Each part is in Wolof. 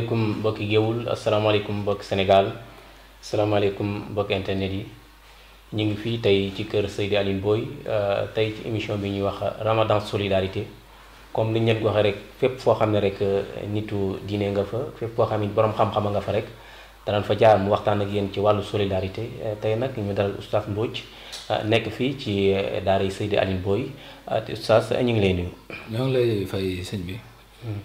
asalaamaaleykum mbokki géewul asalaamaaleykum mbokki Sénégal asalaamaaleykum mbokki internet yi ñu ngi fii tey ci kër Seydi Alioune Boye euh, tey ci émission bi ñuy wax Ramadan solidarité comme ni ñu leen waxee rek fépp foo xam ne rek euh, nitu diine nga fa fépp foo xam ne borom xam-xam nga fa rek danañ fa jaar mu waxtaan ak yéen ci wàllu solidarité euh, tey nag ñu dalal oustaz Mbodj nekk fii ci daara Seydi Alioune Boye te oustaz ñu ngi lay nuyu. ñoo ngi lay fay sëñ bi. Hmm.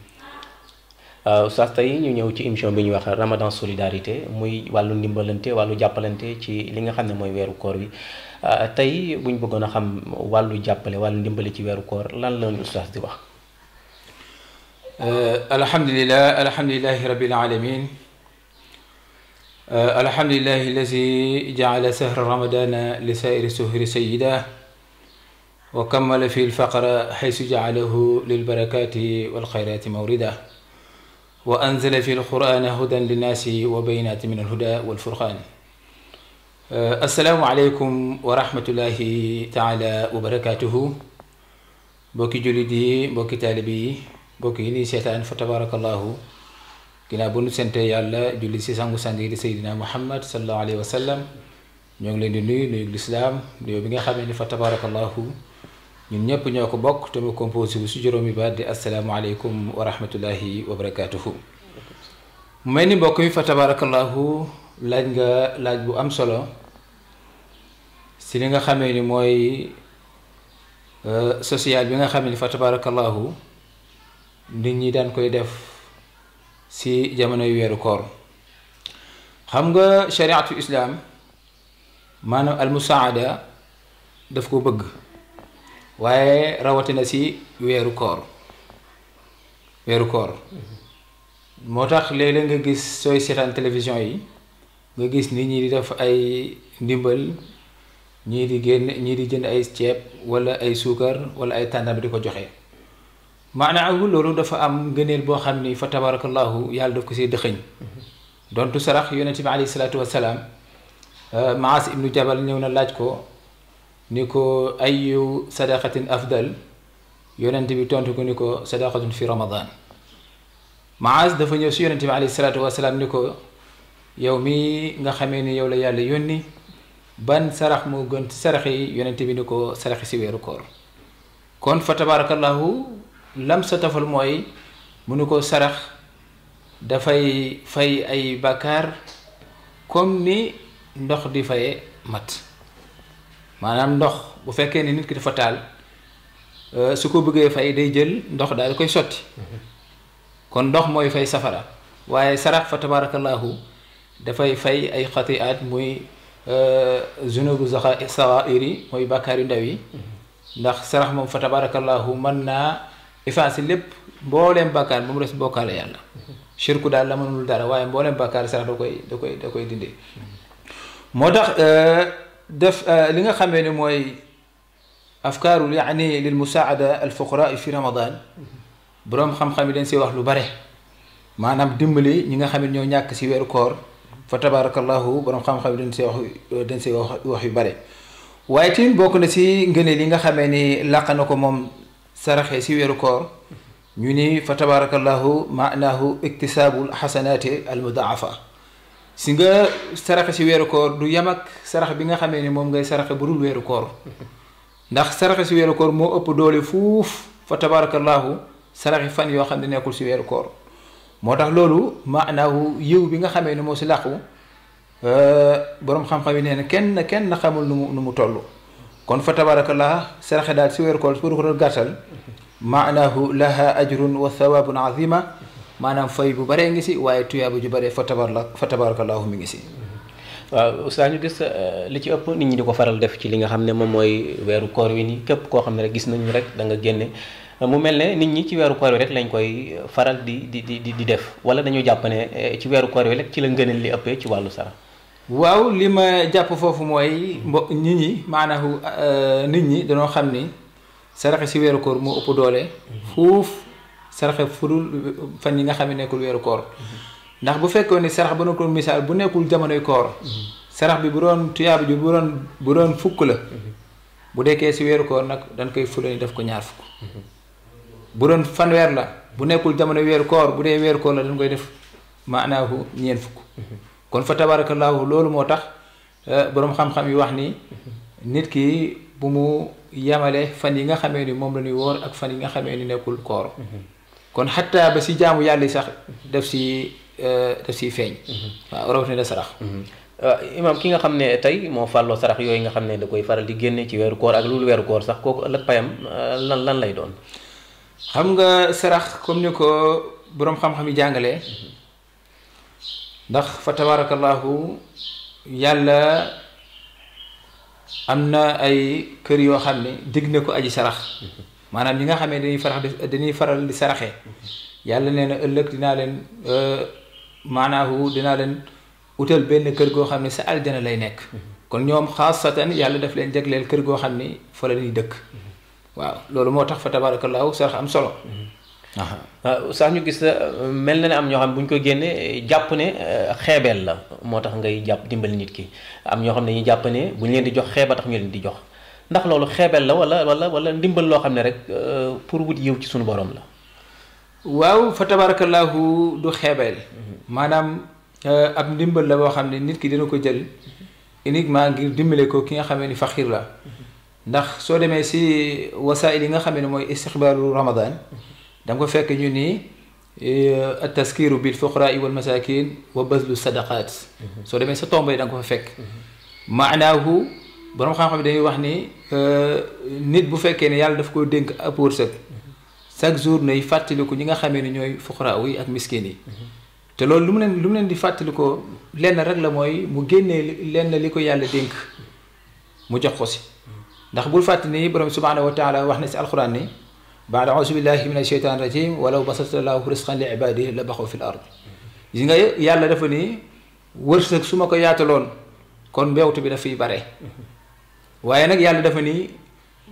oustaz tey ñu ñëw ci émission bi ñuy wax Ramadan solidarité muy wàllu ndimbalante wàllu jàppalante ci li nga xam ne mooy weeru koor bi tey bu ñu bëggoon a xam wàllu jàppale wàllu ndimbali ci weeru koor lan la oustaz di wax. alhamdulilah alhamdulilahi rabil alamin alhamdulilahi allazi jaala sahra ramadana li sairi suhri sayida wa kammala fi lfaqra xaysu jaalahu lilbarakati walxayrati mawrida وأنزل في القرآن هدى للناس وبينات من الهدى والفرقان آه، السلام عليكم ورحمة الله تعالى وبركاته بوكي جلدي بوكي تالبي بوكي لي شيطان فتبارك الله كنا بون سنتي يالا جلدي سيسانو سانديري سيدنا محمد صلى الله عليه وسلم نيوغ لين دي نوي نيوغ الاسلام نيوغ بيغا خامي فتبارك الله ñun ñëpp ñoo ko bokk te mu composé bu si juróomi baat di asalaamaaleykum wa rahmatullahi wa barakaatuhu. mel ni mbokk mi fa tabarakallahu laaj nga laaj bu am solo si li nga xamee ni mooy euh, social bi nga xamee ni fa tabarakallahu nit ñi daan koy def si jamonoy weeru koor xam nga shariatul islaam maanaam almusaada daf ko bëgg waaye rawatina si weeru koor weeru koor moo tax léeg-léeg nga gis sooy seetaan télévision yi nga gis nit ñi di def ay ndimbal ñii di génn ñii di jënd ay ceeb wala ay suukar wala ay tàndam di ko joxe maanaam loolu dafa am ngëneel boo xam ni fa tabarakallahu yàlla daf ko see dëxëñ dontu sarax yonent bi alayhi salaatu wasalaam maas ibnu jabal ñëw na laaj ko نيكو أي صدقة أفضل يونتي بي تونتو نيكو صدقة في رمضان معاذ دفو نيو يونتي عليه الصلاة والسلام نيكو يومي نغا خميني يولا يالا يوني بان سرخ مو غنت سرخي يونتي بي نيكو سرخي سيوي ركور كون فتبارك الله لم ستف الموي منوكو سرخ دفاي فاي أي بكار كم ني ndox di faye mat manam ndox bu fekke ni nit ki dafa taal su ko bëggee fay day jël ndox daal koy sotti kon ndox mooy fay safara waaye sarax fa tabarakallahu dafay fay ay xatiaat muy zunubu zaxa sawair yi mooy bàkkaar yu ndaw yi ndax sarax moom fa tabarakallahu mën naa effacer lépp mbooleem bakkar ba mu des bokkaale yàlla shirku daal la mënul dara waaye mbooleem bakkar sarax da koy da koy da koy dindee moo tax دف آه، اللي خمين موي إيه؟ أفكاره يعني للمساعدة الفقراء في رمضان برام خم خم دين سيوح لبره ما نام دملي نيغا خم نيو نياك سيوير كور فتبارك الله برام خم خم دين سيوح دين سيوح بره وايتين بوك نسي نغني ليغا خم ني لاق نكو موم سرخ سيوير كور ني فتبارك الله معناه اكتساب الحسنات المضاعفه si nga saraxe si weeru koor du yamak sarax bi nga xamee ne moom ngay saraxe bu dul weeru koor ndax saraxe si weeru koor moo ëpp doole fuuf fa tabarakallahu saraxi fan yoo xam ne nekkul si weeru koor moo tax loolu maanaahu yiw bi nga xamee ne moo si làqu borom xam-xam yi nee na kenn kenn xamul nu mu nu mu toll kon fa tabarakallah saraxe daal si weeru koor pour ko doon gàttal maanaahu laha ajrun wa thawabun azima maanaam fay bu bëree ngi si waaye tuyaaba ju bëree fa tabar la fa tabarakallahu mi ngi si waaw saa ñu gis euh, li ci ëpp nit ñi di ko faral def ci li nga xam ne moom mooy weeru koor wi nii képp koo xam ne rek gis nañu rek da nga génne mu mel ne nit ñi ci weeru koor wi rek lañ koy faral di di di di def wala dañoo jàpp ne euh, ci weeru koor wi rek ci la ngëneel li ëppee ci wàllu sara waaw li ma jàpp foofu mooy mbo nit ñi maanaam euh, nit ñi dañoo xam ni saraxe si weeru koor moo ëpp doole mm-hmm. fuuf saraxe furul fan yi nga xam ne nekkul weeru koor ndax bu fekkoon ne sarax ba nekkul misaal bu nekkul jamonoy koor sarax bi bu doon tuyaaba ji bu doon bu doon fukk la bu dekkee si weeru koor nag dañ koy fule ni def ko ñaar fukk bu doon fanweer la bu nekkul jamono weeru koor bu dee weeru koor la dañ koy def maanaahu ñeen fukk kon fa tabarakallahu loolu moo eh, borom xam-xam yi wax ni nit ki bu mu yamale fan yi nga ni moom la wor ak fan yi nga xamee ni nekkul koor kon xataa ba si jaamu yàlla sax daf si euh, daf siy feeñ. Mm-hmm. waaw rawatina sarax. Mm-hmm. Euh, imaam ki nga xam ne tey moo fàlloo sarax yooyu nga xam ne da koy faral di génne ci weeru koor ak lu weeru koor sax kooku ëllëg payam euh, lan lan lay doon. xam nga sarax comme ni ko boroom xam-xam yi jàngalee ndax fa tabaarakallaahu yàlla am na ay kër yoo xam ne digg na ko aji sarax. Mm-hmm. manam ñi nga xam dañuy farax dañuy faral di saraxé yàlla néna ëlëk dina len euh manahu dina len utal benn kër go xamné sa aljana lay nekk kon ñom xaasatan yàlla daf len jéglél kër go xamné fa la ñuy dëkk waaw loolu moo tax fa tabarakallah sarax am solo aha sax ñu gis la mel na ne am ñoo xam ne bu ko génné jàpp ne xeebeel la moo tax ngay jàpp dimbali nit ki am ñoo xam ne ñu jàpp ne buñ leen di jox xeeba tax ñu leen di jox ndax loolu xeebel la wala wala wala ndimbal loo xam ne rek pour wut yiw ci sunu borom la waaw fa tabarakallahu du xeebeel maanaam ab ndimbal la boo xam ne nit ki dina ko jël uniquement ngir dimbale ko ki nga xamee ni faxir la ndax soo demee si wasaayil yi nga xamee ne mooy istixbaaru ramadan da nga ko fekk ñu ni التذكير بالفقراء والمساكين وبذل الصدقات سو دمي سا تومباي دا فا فك معناه borom xam-xam yi dañuy wax ni nit bu fekkee ne yàlla daf koo dénk ab wërsëg chaque jour nay fàttaliku ñi nga xamee ne ñooy fuqara wi ak miskin yi te loolu lu mu leen lu mu leen di fàttalikoo lenn rek la mooy mu génnee lenn li ko yàlla dénk mu jox ko si ndax bul fàtte ni borom subhanahu wa taala wax na si alquran ni baada ausu billahi min asheytaan rajim walaw basata llahu risqan li ibadihi la baxaw fi l ard gis nga yàlla dafa ni wërsëg su ma ko yaataloon kon mbewtu bi bare waye nak yàlla dafa ni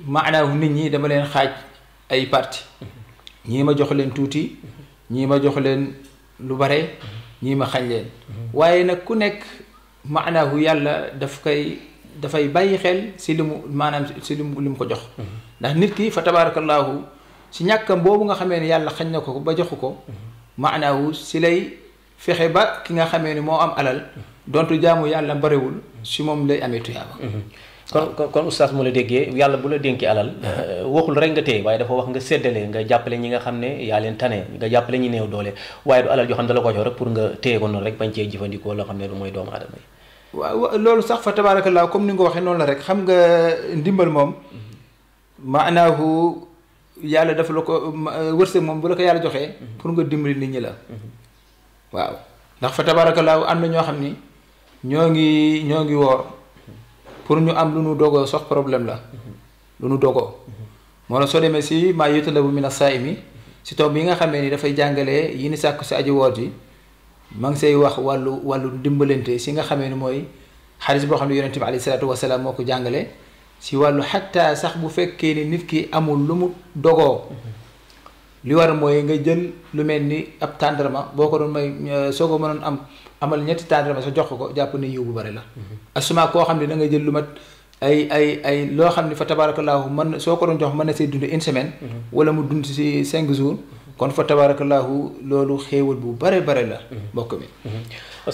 maanaaw nit ñi dama leen xaj ay parti ñi ma jox leen tuuti ñi ma jox leen lu bare ñi ma xañ leen waye nak ku nekk maanaahu yàlla daf koy dafay bàyyi xel ci limu manam ci limu lim ko jox ndax nit ki fa tabarakallah ci ñakam bobu nga xamé ni yàlla xañ na ko ba joxu ko maanaahu ci lay fexe ba ki nga xamé ni mo am alal dontu jaamu yàlla barewul ci mom lay amé tuyaaba kon kon oustaz mu la déggee yàlla bu la dénki alal ah. euh, waxul rek nga téye waaye dafa wax nga séddale nga jàppale ñi nga xam ne yaa leen tane nga jàppale ñi néew doole waaye du alal joo xam ne da la ko jox rek pour nga téye ko loo xam ne loolu sax fa tabaarakallaa comme ni nga waxee noonu la rek xam nga ndimbal moom mm-hmm. yàlla dafa la ko euh, wërsëg moom bu la ko yàlla joxee mm-hmm. pour nga dimbali nit la mm-hmm. waaw ndax fa am na ñoo xam ni ñoo ngi ñoo ngi woor pour ñu am lu nu dogoo sax problème la lu nu dogoo moo la soo demee si maa yutala bu mina saa mi si bi nga xamee ni dafay jàngalee yi ni sàkku si aji woor ji ma ngi say wax wàllu wàllu dimbalante si nga xamee ni mooy xaalis boo xam ne yonente bi alayhi salaatu wasalaam moo ko jàngale si wàllu xatta sax bu fekkee ni nit ki amul lu mu dogoo li war mooy nga jël lu mel ab tàndarma boo may am amal ñetti taadara sa jox ko jàpp ne yiw bu bari la mhm. asuma koo xam ne da ngay jël lu mat ay ay ay loo xam ne fa tabaarakallaahu mën soo ko doon jox mën na see dund une semaine mhm. wala mu dund si cinq jours mhm. kon fa tabaarakallaahu loolu xéewal bu bare bare la mbokk mi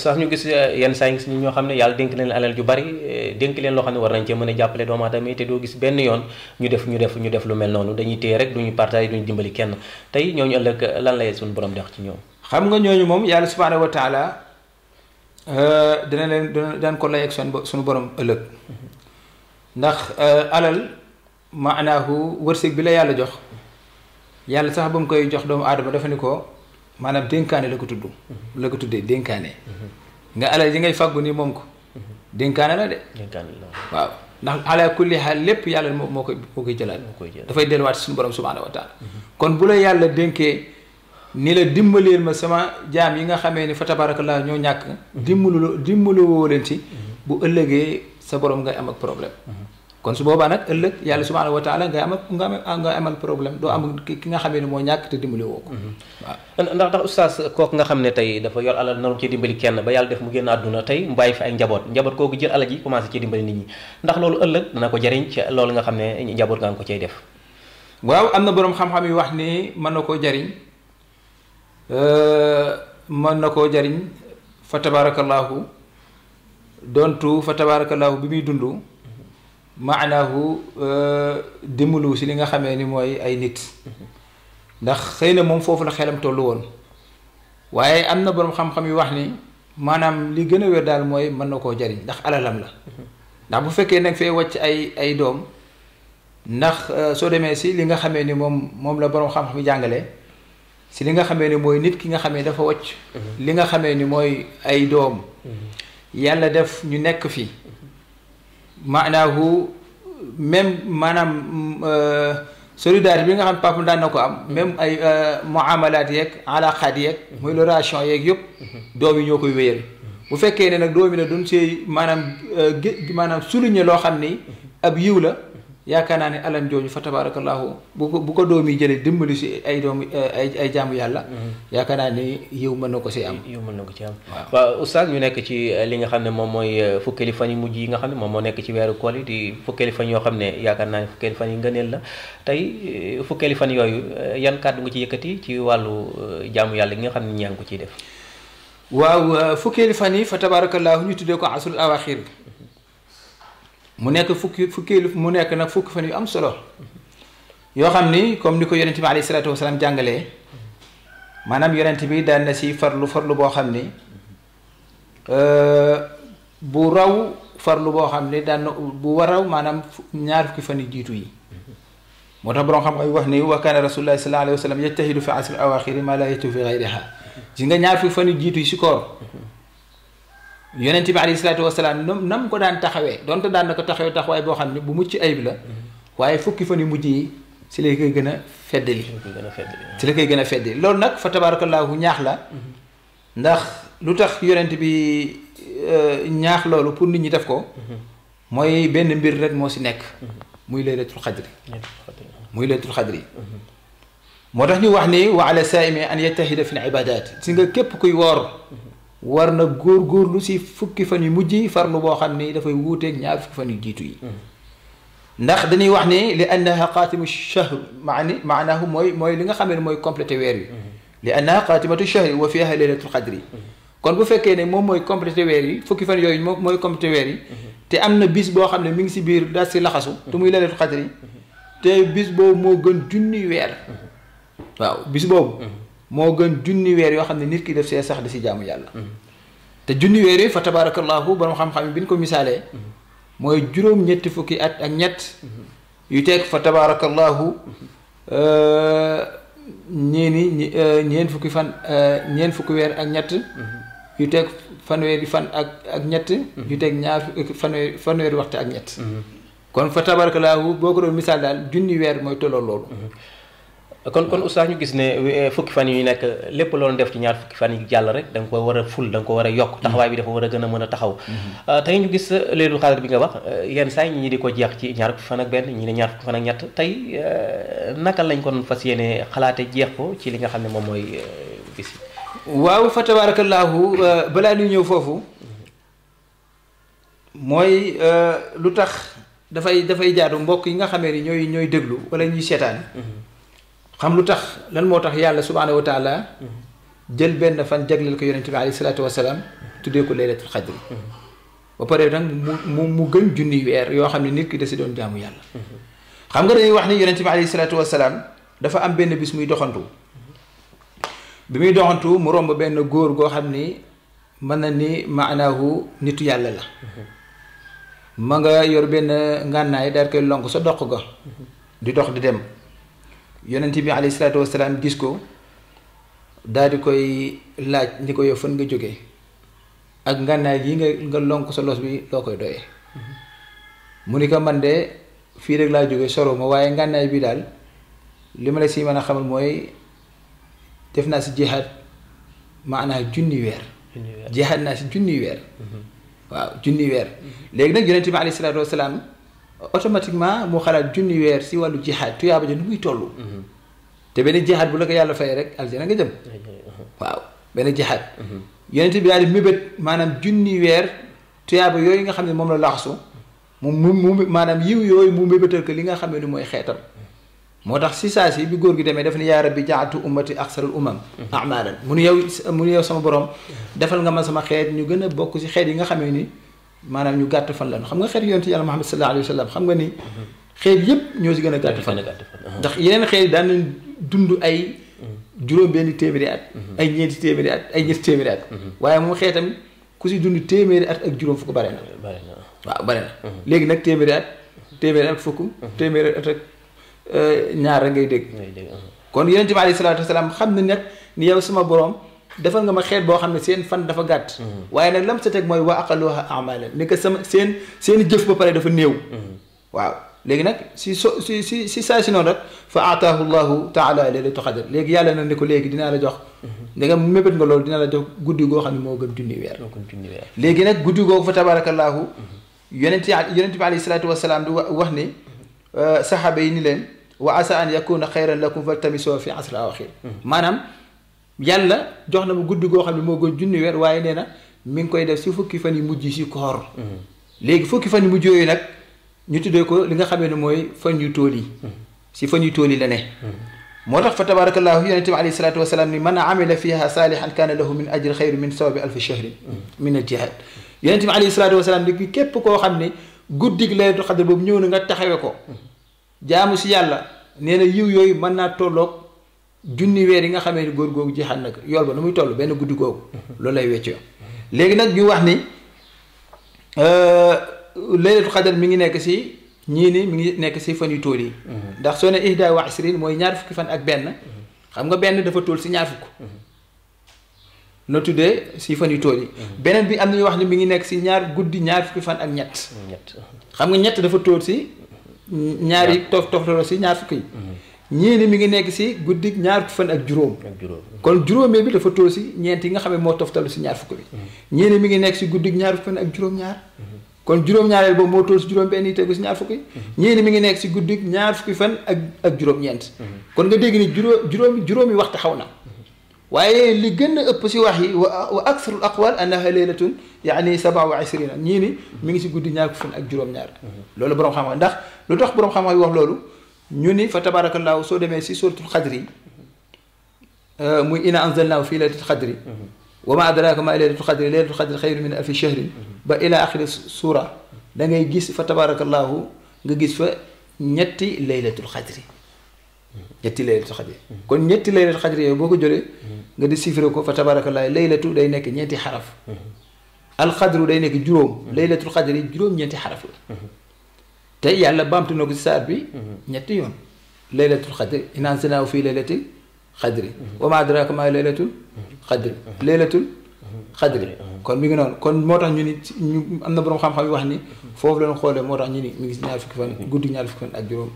sax ñu gis eh, yenn saa yi ñoo xam ne yàlla dénk leen alal yu bari eh, dénk leen loo xam ne war nañ cee mën a jàppale doomu aadama yi te doo gis benn yoon ñu def ñu def ñu def lu mel noonu dañuy téye rek duñu partage duñu dimbali kenn tey ñooñu ëllëg lan lay suñu borom dex ci ñoom Euh, dina leen dinañ ko lay ak seen suñu borom ëllëg ndax euh, alal maanaahu wërsëg bi la yàlla jox yàlla sax ba mu koy jox doomu aadama dafa ni ko maanaam dénkaane la ko tudd la ko tuddee dénkaane nga alal yi ngay fàggu nii moom ko dénkaane la de waaw ndax ala kulli xaal lépp yàlla moo moo koy moo koy jëlaat dafay delluwaat suñu borom subhaanahu wa kon bu la yàlla dénkee ni la dimbaleel ma sama jaam yi nga xamee ni fa laa ñoo ñàkk dimbalu dimbalu woo leen ci bu ëllëgee sa borom ngay am ak problème kon su boobaa nag ëllëg yàlla subhanahu wa taala ngay am ak nga am nga amal problème doo am ki nga xamee ni moo ñàkk te woo ko mhm. ndax ndax oustaz kooku nga xam ne tey dafa yor alal naru ci dimbali kenn ba yàlla def mu génn àdduna tey mu bàyyi fi ay njaboot njaboot kooku jël alal ji commencé ci dimbali nit ñi ndax loolu ëllëg dana ko jariñ ci loolu nga xam ne njaboot nga ko cay def waaw am na boroom xam wax ni mën na koo jariñ Eh, mën na koo jariñ fa tabarakallahu dontu fa tabarakallahu bi muy dund maanaahu eh, dimbalu si li nga xamee ni mooy ay nit ndax xëy na moom foofu la xelam tollu woon waaye am na boroom xam-xam yu wax ni maanaam li gën a wér daal mooy mën na koo jariñ ndax alalam la ndax bu fekkee nag fee wàcc ay ay doom ndax eh, soo demee si li nga xamee ni moom moom la boroom xam-xam jàngale si li nga xamee ni mooy nit ki nga xamee dafa wàcc mhm. li nga xamee ni mooy ay doom mhm. yàlla def ñu nekk fi maanaahu même maanaam euh, solidarité bi nga xam ne papa daan na ko am mhm. même ay euh, muamalaat yeeg alaqaat yeeg muy le relation yeeg yëpp doom yi ñoo koy wéyal bu fekkee ne nag doom yi ne duñ see maanaam euh, maanaam souligner loo xam ni ab yiw la yaakaar naa ne alam jooju fa tabaarakallaahu bu ko bu ko doom yi jëlee dimbali si ay doom eh, ay ay yàlla. Mhm. yaakaar naa ni yiw mën na ko si am. yiw mën na ko ci am waaw oustaz ñu nekk ci eh, li nga xam ne moom mooy eh, fukkeeli fan yu mujj yi nga xam ne moom moo nekk ci weeru kool yi di fukkeeli yoo xam ne yaakaar naa ne fukkeeli fan yi tey fukkeeli yooyu yan kàddu nga ci yëkkati ci wàllu jaamu yàlla gi nga xam ne ñaa ko ciy def. waaw fukkeeli fa tabaarakallaahu ñu tuddee ko asul awaxir mu nekk fukki fukki mu nekk nag fukki fan yu am solo yoo xam ni comme ni ko yonent bi alayhi salaatu wasalaam jàngalee maanaam yonent bi daan na si farlu farlu boo xam ni bu raw farlu boo xam ni daan na bu waraw maanaam ñaar fukki fan yu jiitu yi moo tax borom xam-xam wax ni wa kaana rasulullahi sallallahu alayhi wa sallam yajtahidu fi asri awaxiri ma la yajtahidu fi gayriha gis nga ñaar fukki fan yu jiitu yi si koor yonent bi alayhi salaatu wasalaam nam nam ko daan taxawee donte daan na ko taxawee taxawaay boo xam ne bu mucc ayib la waaye fukki fan yu mujj yi si lay koy gën a feddali si la koy gën a feddali loolu nag fa tabaarakallaahu ñaax la ndax lu tax yonent bi ñaax loolu pour nit ñi def ko mooy benn mbir rek moo si nekk muy laylatul xadri muy laylatul xadri moo tax ñu wax ni wa ala saimi an yattahida fi l ibadat si nga képp kuy woor warna war na lu si fukki fan yu mujj yi farlu boo xam ne dafay wuuteeg ñaar fukki fan yu jiitu yi ndax dañuy wax ne li annaha qatimu shahr maani maanaahu mooy mooy li nga xam ne mooy complété weer yi li annaha qatimatu shahr wa fiha laylatul qadri kon bu fekkee ne moom mooy complété weer yi fukki fan yooyu moom mooy complété weer yi te am na bis boo xam ne mi ngi si biir daal si laxasu te muy laylatul qadri te bis boobu moo gën junni weer waaw bis boobu moo gën junni weer yoo xam ne nit ki def see sax di si jàmm yàlla mhm. te junni weer yi fa tabaarakallaahu ko misaalee mhm. mooy juróom fukki at ak ñett mhm. yu teg fa tabaarakallaahu euh, ñeeni ñi euh, ñeen fukki fan euh, ñeen fukki weer ak ñett yu teg fanweeri fan ak ak ñett yu teg ñaar fanweeri fanweeri waxtu ak ñett boo ko doon misaal daal junni weer mooy tolloo loolu kon kon oustaz ñu gis ne eh, fukki fan yu nekk lépp loolu def ci ñaar fukki fan yi jàll rek da nga ko war a ful da ko war a yokk mm-hmm. taxawaay bi dafa war a gën a mën a taxaw mm-hmm. ah, tey ñu gis leelu xaadir bi nga wax eh, yenn saa yi di ko jeex ci ñaar fan ak benn ñi ne ñaar fukki fan ak ñett tey eh, naka lañ kon fas yéene xalaate jeex ko ci li nga xam ne moom mooy bis yi waaw fa tabaarakallaahu balaa ñuy ñëw foofu mooy lu tax dafay dafay jaadu mbokk yi nga xamee ni ñooy ñooy déglu wala ñuy seetaan mm-hmm. xam lu tax lan mo tax yàlla subhanahu wa taala jël ben fan jagleel ko yonente bi alayhi salaatu wasalaam tudé ko laylatul qadr ba pare nag mu mu gën junni wër yo xamni nit ki dessi don jamu yàlla xam nga dañuy wax ni yonente bi alayhi salaatu wasalaam dafa am ben bis muy doxantu bi muy doxantu mu romb ben góor go xamni man na ni maanaahu nitu yàlla la ma nga yor ben ngànnaay daal koy lonk sa dox ga di dox di dem yonent bi alayhi salaatu wasalaam gis ko daal di koy laaj ni ko yow fan nga jóge ak ngànnaay yi nga nga lonk sa los bi loo koy doyee mu ni ko man de fii rek laa jóge soro ma waaye ngànnaay bi daal li ma la si mën a xamal mooy def naa si jihaad maanaa junni weer jihaad naa si junni weer mhm. waaw junni weer mhm. léegi nag yonent bi alayhi automatiquement mu xalat junni wer ci walu jihad tuyaaba ja nu muy toll. te benn jihad bu la ko yàlla fay rek aljana nga jëm. waaw benn jihaad. yonent bi daal mébét maanaam junni weer tuyaaba yooyu nga xam ne la laaxsu mu mu yiw yooyu mu mébétal ko li nga xam ne ni mooy xeetam. si saa si bi gi rabbi jaatu ummati aksarul umam amalan yow yow sama borom defal nga ma sama ñu yi nga ni. maanaam ñu gàtt fan lañu xam nga xeet yonent yàlla Muhammad sallallahu alayhi wa sallam xam nga ni xeet yëpp ñoo si gën a gàtt fan ndax yeneen xeet yi daan nañ dund ay juróom benn téeméeri at ay ñeenti téeméeri at ay ñetti téeméeri at waaye moom xeetam ku si dund téeméeri at ak juróom fukk bare na waaw bare na léegi nag téeméeri at téeméeri at fukk téeméeri at ak ñaar a ngay dégg kon yonent bi alayhi salaatu wasalaam xam na nag ni yow sama borom dafa nga ma xeet boo xam ne seen fan dafa gàtt. waaye nag lam sa teg mooy waa aqalluha amaalan ni que sama seen seen jëf ba pare dafa néew. waaw léegi nag si si si si saa si noonu rek fa aataahu allah taala laylatul qadr léegi yàlla na ne ko léegi dinaa la jox. nga mébét nga loolu dina la jox guddi goo xam ne moo gën junni weer. moo gën junni weer léegi nag guddi googu fa tabaarakallaahu. yonent yonent bi alayhi salaatu wa di wax ni. saxaaba yi ni leen wa asa an yakuna xayran lakum fa faltamisoo fi asra awaxir maanaam. yàlla jox na ma guddi goo xam ne moo gën junni weer waaye nee na mi ngi koy def si fukki fan yu mujj si koor léegi fukki fan yu mujj yooyu nag ñu tuddee ko li nga xamee ne mooy fan yu tool yi si fan yu tool yi la ne moo tax fa tabarakallahu yonente bi alayhi salaatu wasalaam ni man amila fiha salihan kaana lahu min ajr xayru min sawabi alfi shahrin min al jihad yonente bi alayhi salaatu wasalaam ni képp koo xam ne guddig laylatul xadar boobu ñëw na nga taxawe ko jaamu si yàlla nee na yiw yooyu mën naa tolloog junni weer yi nga xamee ni góor googu jeexal nag yool ba nu muy toll benn guddi googu loolu lay weccoo léegi nag ñu wax ni euh, laylatul xadar mi ngi nekk si ñii ni mi ngi nekk si fan yu tóol yi mhm. ndax soo ne ihda wa isrin mooy ñaar fukki fan ak benn mhm. xam nga benn dafa tóol si ñaar mhm. tuddee si fan yu yi beneen bi am na ñu wax ni mi ngi nekk si ñaar guddi ñaar fukki fan ak ñett xam nga ñett dafa tool si ñaari tof toftalo si ñaar fukki yi ñii ni mi ngi nekk si guddi ñaar fukki fan ak juróom kon juróomee bi dafa too si ñeent yi nga xam ne moo toftalu si ñaar fukk bi mm-hmm. mi ngi nekk si guddi ñaar fan ak juróom-ñaar mm-hmm. kon juróom-ñaareel moo toll si juróom benn yi tegu si ñaar fukki mm-hmm. ñii mi ngi nekk si guddi ñaar fukki fan ak ak juróom-ñeent kon nga dégg ni juróom juróomi juróomi waxtu xaw na waaye li gën a ëpp si wax yi wa wa aksarul aqwal annaha leylatun yaani saba wa isrina ñii ni mi ngi si guddi ñaar fukki fan ak juróom-ñaar loolu borom xam-xam ndax lu tax borom xam-xam yi wax loolu ñu ni fa tabaarakallaahu soo demee si suratul xadri muy ina anzalnaahu fii laylatul xadri wa ma adraaka ma laylatul xadri laylatul xadri xayru min alfi shahrin ba ila axiri suura da ngay gis fa tabaarakallaahu nga gis fa ñetti laylatul xadri ñetti laylatul xadri kon ñetti laylatul xadri yooyu boo ko jëlee nga di chiffré ko fa tabaarakallaahu laylatu day nekk ñeenti xaraf alxadru day nekk juróom laylatul xadri juróom ñeenti xaraf la تي يالا بامت نوك سار بي نيت يون ليله القدر ان انزلنا في ليله القدر وما ادراك ما ليله القدر ليله xadri ah. kon mi ngi noonu kon moo tax ñu ni ñu am na borom xam-xam yi wax ni mm-hmm. foofu la xoolee moo tax ñu ni mi ngi si ñaar fukki fan mm-hmm. guddi ñaar fukki fan ak juróom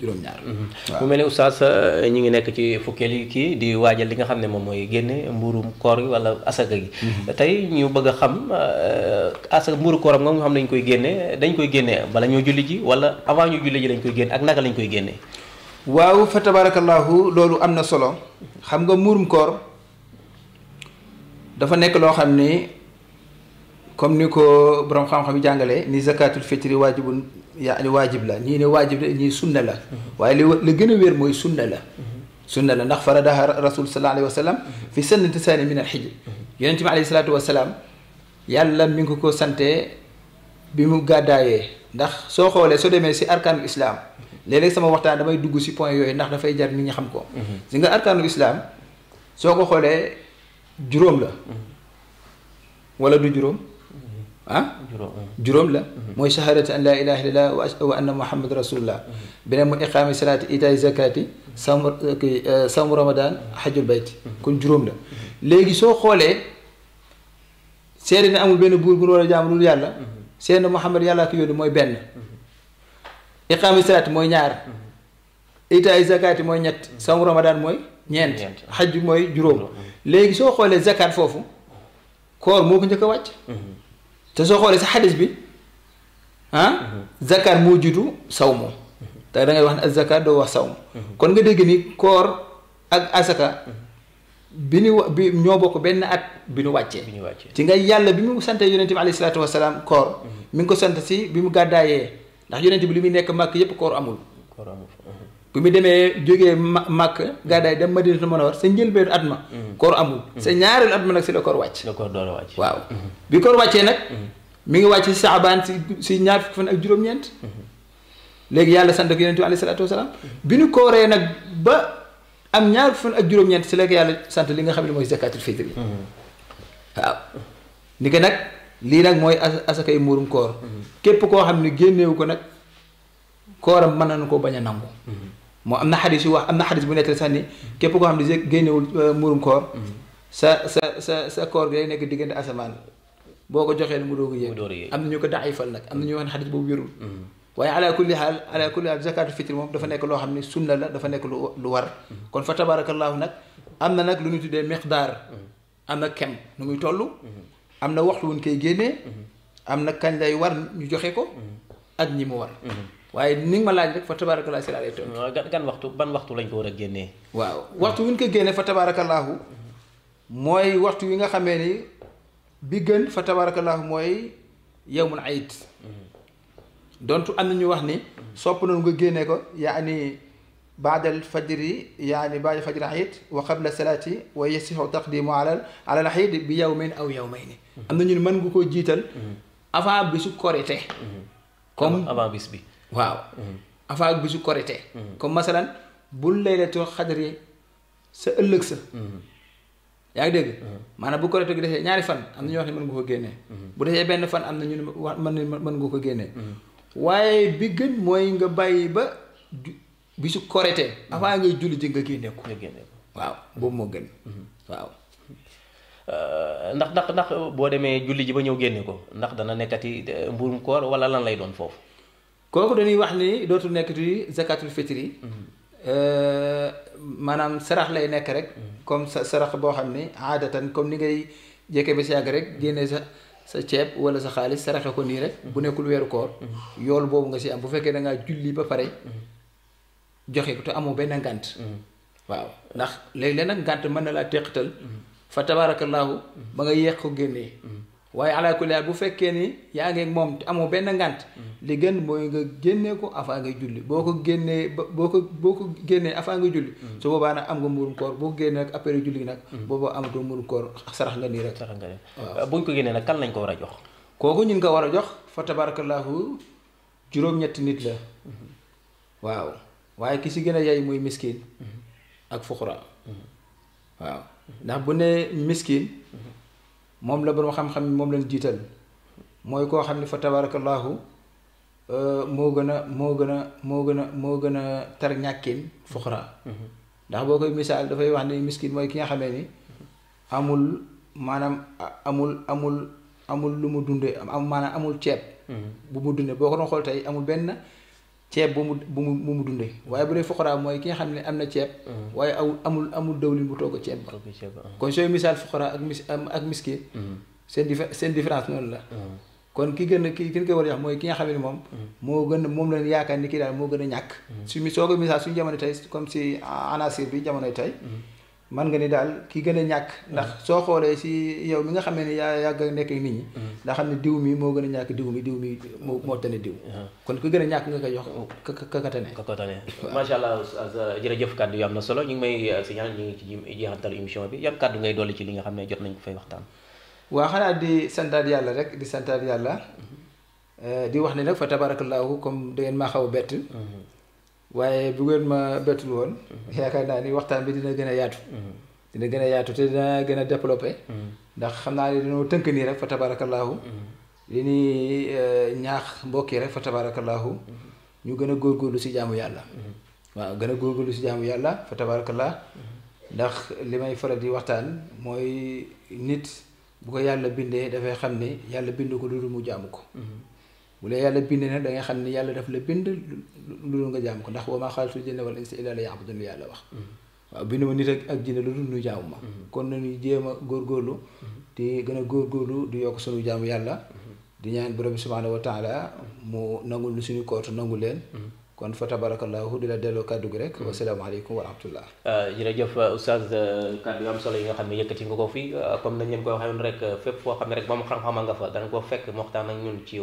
juróom-ñaar mm-hmm. mu mel ne oustaz eh, ñu ngi nekk ci fukkeel yi kii di waajal li nga xam ne moom mooy génne mburum koor gi wala asaka gi tey ñu bëgg a xam eh, asaka mburu kooram nga xam dañ koy génne dañ koy génne bala ñoo julli ji wala avant ñu julli ji lañ koy génne ak naka lañ koy génne waaw fa tabarakallahu loolu am na solo xam nga mburum koor dafa nekk loo xam ni comme ni ko borom xam-xam yi jàngalee ni zakatul fitr fitri waajibun yaani waajib la ñii ne waajib la ñii sunna la waaye li li gën a wér mooy sunna la sunna la ndax faradaha rasul sallallahu alayhi wa fi sannati saani min al xijr yonent bi alayhi salatu wa yàlla mi ngi ko sante bi mu gàddaayee ndax soo xoolee soo demee si arkanu islam léeg-léeg sama waxtaan damay dugg si point yooyu ndax dafay jar nit ñi xam ko si nga arkanu islam soo ko xoolee juróom la wala du juróom mm-hmm. ah juróom mm-hmm. la mm-hmm. mooy shahadati an laa ilaha illallah wa anna muhammad rasulullah beneen mu iqaami salaati itaay zakati sam sam ramadan xajul bayti kon juróom la léegi soo xoolee seede ne amul benn buur bu nu war a lu yàlla seede ne muhammad yàllaa ko yónni mooy benn iqaami salaati mooy ñaar itaay zakati mooy ñett sam ramadan mooy ñeent xaj mooy juróom léegi soo xoolee zakat foofu koor moo ko njëkk a wàcc mhm. te soo xoolee sa xalis bi ah mhm. zakat moo jiitu saw moom te da ngay wax ne azzakat doo wax saw mhm. kon nga dégg ni koor ak asaka bi ñu wa bi ñoo bokk benn at bi ñu wàccee ci nga yàlla bi mu santee yonente bi alayhi salaatu wasalaam koor mi ngi ko sant si bi mu gàddaayee ndax yonente bi lu muy nekk màkk yépp koor amul bu mu demee jógee ma màkk gàddaay dem Madinatul Munawwar sa njëlbeenu at ma mm-hmm. koor amul mm-hmm. sa ñaareelu at ma nag si la koor wàcc la koor door a wàcc waaw mm-hmm. bi koor wàccee nag mi ngi wàcc si saabaan si si ñaar fukki ak juróom-ñeent léegi yàlla sant ko yonent bi bi ñu kooree nag ba am ñaar fukki ak juróom si la yàlla sant li nga xam ne mooy zakatul fitr yi waaw ni ko nag lii nag mooy asakay muurum koor képp koo xam ne génneewu ko nag kooram mën nu ko bañ a nangu moo am na xadis yu wax am na xadis bu nekk la sax ni képp koo xam ne génnewul murum koor sa sa sa sa koor gi day nekk diggante asamaan boo ko joxee mu doogu yéeg am na ñu ko daayifal nag am na ñu wax ne xadis boobu wérul waaye ala kulli xaal ala kulli xaal zakatu fitri moom dafa nekk loo xam ne sunna la dafa nekk lu lu war kon fa tabarakallahu nag am na nag lu ñu tuddee miqdaar am na kem nu muy toll am na waxtu wuñ koy génnee am na kañ lay war ñu joxe ko ak ñi mu war. waaye ni nga ma laaj rek fa tabaarakallaa si laa lay tontu. gan gan waxtu ban waxtu lañ ko war a génnee. waaw waxtu wi ñu ko génnee fa tabaarakallaahu mooy waxtu wi nga xamee ni bi gën fa tabaarakallaahu mooy yawmul ayid. dontu am na ñu wax ni. sopp nañu nga génnee ko yaani baadal fajri yaani baadal fajri ayid wa qabla salaati wa yasihu taqdimu alal alal ayid bi yawmin aw yawmayni. am na ñu ne mën nga koo jiital. avant bi su korite comme avant bis bi waaw mhm. avant bisu korité mhm. comme masalan bul laylatul xadri sa ëllëg sa mhm. yaa ngi dégg maanaam bu korité gi defee ñaari fan am na ñu wax ne man nga ko génnee bu defee benn fan am na ñu ne mën mën nga ko génnee waaye bi gën mooy nga bàyyi ba bi su korité avant ngay julli ji nga génne ko waaw boobu moo gën waaw Euh, ndax ndax ndax boo demee julli ji ba ñëw génne ko ndax dana nekkati euh, mburum koor wala lan lay doon foofu. kooku dañuy wax ni dootul nekkati zakatul fitri mhm. euh, maanaam sarax lay nekk rek. Mhm. comme sa sarax boo xam ne aadatan comme ni ngay jekke bi si yàgg rek génne sa sa ceeb wala sa xaalis saraxe ko nii rek. bu mhm. nekkul weeru koor. yool boobu nga si am bu fekkee dangaa ngaa julli ba pare. joxe ko te amoo benn ngànt. waaw ndax léeg-léeg nag ngànt mën na laa teqatal. fa tabarakallahu mm-hmm. ba nga yéex ko génnee mm-hmm. waaye ala kulli bu fekkee ni yaa ngi moom amoo benn ngant mm-hmm. li gën mooy nga génnee ko afaa nga julli boo ko génnee boo ko boo nga julli su boobaa nag am nga mburum koor boo ko génnee nag après julli gi nag boobaa amatoo mburum koor sarax nga nii rek sarax nga buñ ko kan lañ ko war jox kooku ñun ko war jox fa tabarakallahu juróom-ñetti nit la waaw ki si gën a yay muy ak fuqara waaw ndax bu ne miskin moom la borom xam-xam moom lañ jiital mooy koo xam ne fa tabarakallahu euh, moo gën a moo gën a moo gën a moo gën a tar ñàkkin fuqara ndax boo koy misaal dafay wax ne miskin mooy ki nga xamee ni amul maanaam amul amul amul lu mu dundee am maanaam amul ceeb mm-hmm. bu mu dunde boo ko doon xool tey amul benn ceeb bu mu bu mu bu mu dundee waaye bu dee fuqaraa mooy ki nga xam ne am na ceeb. Mm-hmm. waaye awul amul amul dawlin bu togg ceeb ba. Uh-huh. kon sooy misaal fuqaraa ak mis ak miskin. Mm-hmm. seen dif seen différence noonu la. Uh-huh. kon ki gën a ki ki ñu koy war a jox mooy ki nga xam ne moom. Mm-hmm. moo gën a moom lañ yaakaar ni kii daal moo gën a ñàkk. suñu soog a misaal suñu jamono tey comme si anasir bi jamonoy tey. man nga ni daal ki gën a ñàkk ndax mm. soo xoolee si yow mi nga xam xamee ni yaa yàgg nekk nit ñi mm. daa xam ne diw mi moo gën a ñàkk diw mi diw mi moo moo tane diw kon ku gën a ñàkk nga ko jox ka ka tane ka ka tane uh, jërëjëf kàddu yu am na solo ñu ngi may uh, signal ñu ngi ci jeexantal émission bi yan kàddu ngay dolli ci li nga xam ne jot nañ ko fay waxtaan waa xanaa di santaat yàlla rek di santaat yàlla mm-hmm. uh, di wax ne nag fa tabarakallahu comme da ngeen maa xaw a bett mm-hmm. waaye bu ngeen ma bettul woon. yaakaar naa ni waxtaan bi dina gën a yaatu. dina gën a yaatu te dina gën a développé. ndax xam naa ne dañoo tënk nii rek fa tabaarakallaahu. li ni ñaax mbokk yi rek fa tabaarakallaahu. ñu gën a góorgóorlu si jaamu yàlla. waaw gën a góorgóorlu si jaamu yàlla fa tabaarakallah ndax li may faral di waxtaan mooy nit bu ko yàlla bindee dafay xam ne yàlla bind ko lu mu jaamu ko. bu la yàlla bind nag da ngay xam ne yàlla daf la bind lu dul nga jaam ko ndax wa maa xaalatu jinna wal insa illa liya'budun yàlla wax mm-hmm. waaw bind ma nit ak ak jinne lu dul nu jaamu ma mm-hmm. kon na nañu jéem a góorlu mm-hmm. di gën a góor góorgóorlu di yokk suñu jaamu yàlla di ñaan borom subhaanahu wa taala mu nangu lu suñu kootu nangu leen kon fa tabarakallahu di la delloo kàddu gi rek. Mm-hmm. wasalaamaaleykum wa rahmatullah. Euh, jërëjëf oustaz euh, kàddu yu am solo yi nga xam ne yëkkati nga ko fi euh, comme nañ leen waxee woon rek fépp foo xam ne rek moom xam-xama nga fa dana ko fekk waxtaan ak ñun ci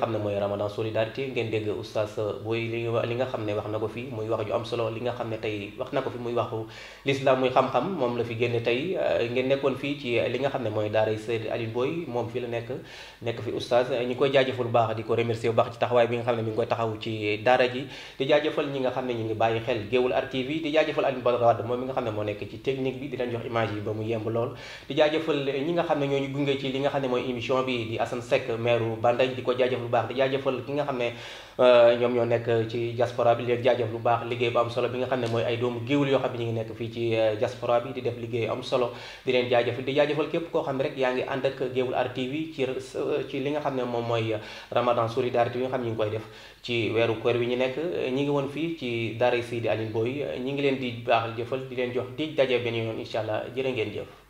xam ne mooy ramadan solidarité ngeen dégg oustaz booy li li nga xam ne wax na ko fi muy wax ju am solo li nga xam ne tey wax na ko fi muy waxu l'islam muy xam-xam moom la fi génne tey ngeen nekkoon fii ci li nga xam ne mooy daara Seyd Aliou Boye moom fii la nekk nekk fi oustaz ñi koy jaajëful baax di ko remercier bu baax ci taxawaay bi nga xam ne mi ngi koy taxaw ci dara ji di jaajëfal ñi nga xam ne ñu ngi bàyyi xel Géewul Art TV di jaajëfal Alioune Badara Wade moom mi nga xam ne moo nekk ci technique bi di leen jox image yi ba mu yemb lool di jaajëfal ñi nga xam ne ñoo ñooñu gunge ci li nga xam ne mooy émission bi di Assane Seck maire Bandañ di ko jaajëfal lu baax di jaajëfal ki nga xam ne Euh, ñoom ñoo nekk ci diaspora bi leen jaajëf lu baax liggéey bu am solo bi nga xam ne mooy ay doomu géewul yoo xam ne ngi nekk fii ci euh, diaspora bi di def liggéey am solo di leen jaajëfal di jaajëfal képp koo xam ne rek yaa ngi ak géewul ar ci euh, ci li nga ramadan solidarité bi nga xam ñu ngi koy def ci weeru koor wi ñu nekk ñi ngi woon fii ci daara seydi aline boy ñi ngi leen di baaxal jëfal di leen jox di daje benn yoon incha jërë ngeen jëf